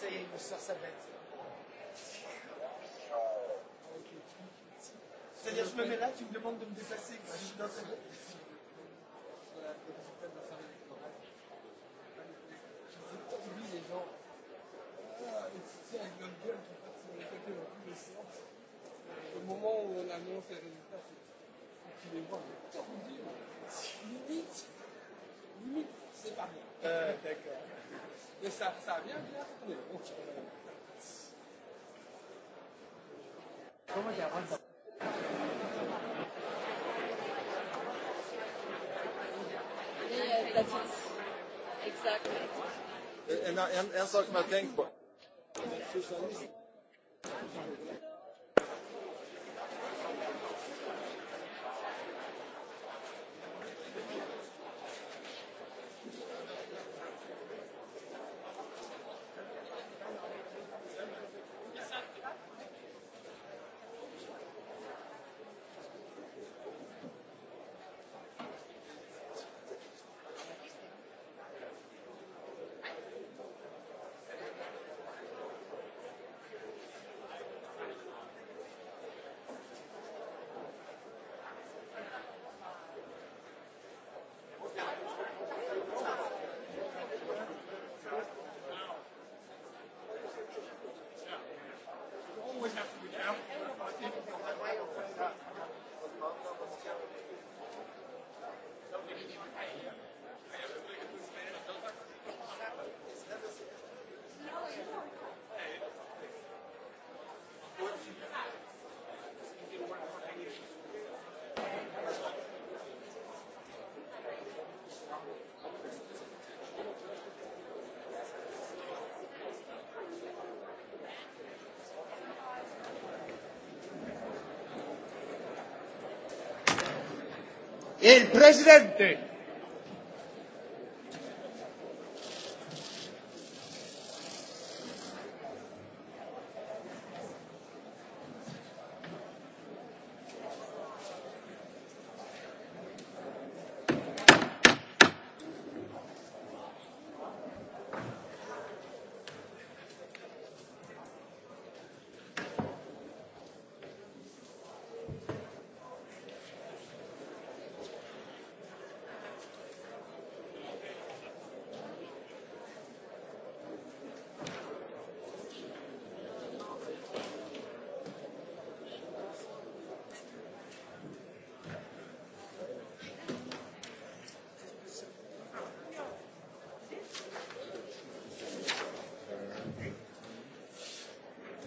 c'est une sœur sabbatique. C'est-à-dire, je me mets là, tu me demandes de me déplacer. Moi, je suis dans cette... J'oublie les gens. Ah, et tu sais, avec leur gueule qui passe sur le côté dans tous les sens. Au moment où on annonce les résultats, c'est tu les vois, mais tordu. Limite, limite, c'est pas bon. Euh, D'accord. Mais ça, ça a bien, bien tourné. Donc, euh... Comment dire That is exactly. En, en, en sak som jeg har tenkt på. El presidente.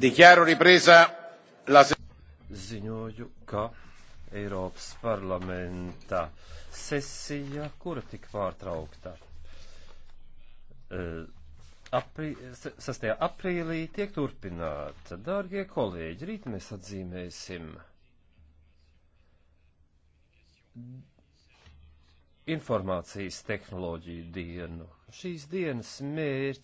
Dichiaro ripresa la Ziņoju, ka Eiropas parlamenta sesija, kura tika pārtraukta. Uh, aprī, 6. aprīlī tiek turpināta. Dārgie kolēģi, rīt mēs atzīmēsim informācijas tehnoloģiju dienu. Šīs dienas mērķi.